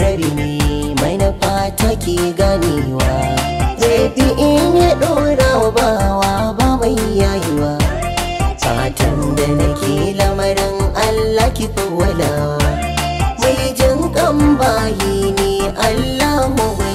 rabi ne mai na fata ganewa zai in ya dora wa bawa ba mai yayiwa fatan da nake lamarin Allah ki kowalawa mai jin kan bayi ne Allahu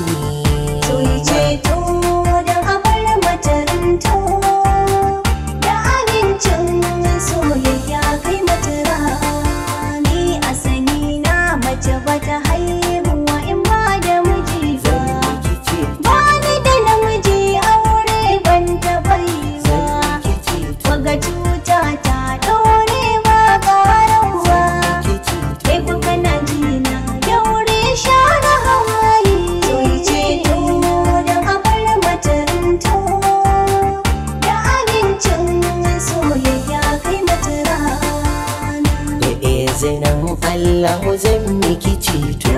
Allahu zan miki ceto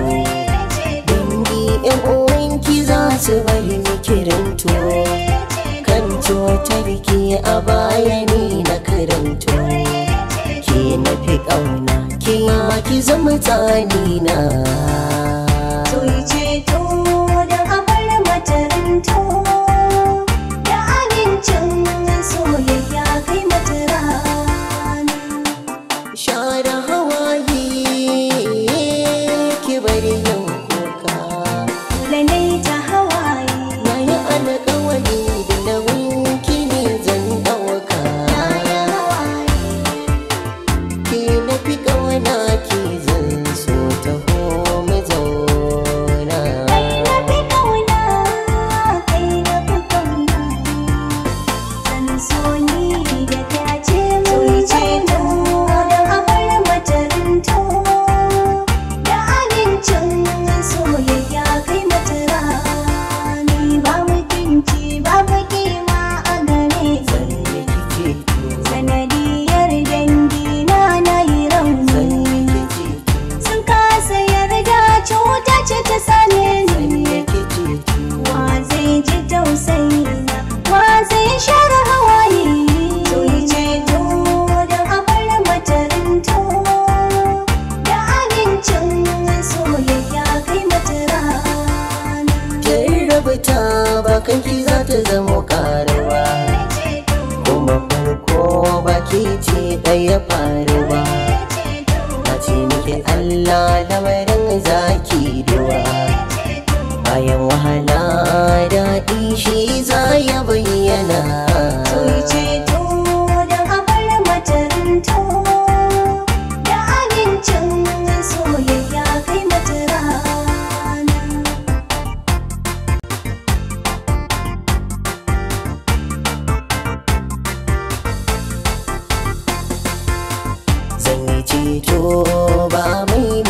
dangi yan uwanki za su bari miki ranto kanto tarki a baya ne na karanto ki na fi ƙauna ki ma ki zama tsanina shi za ya bayyana Soyi ceto da abar mataranta Da abincin soyayya kai mata rana Zan yi ceto ba mai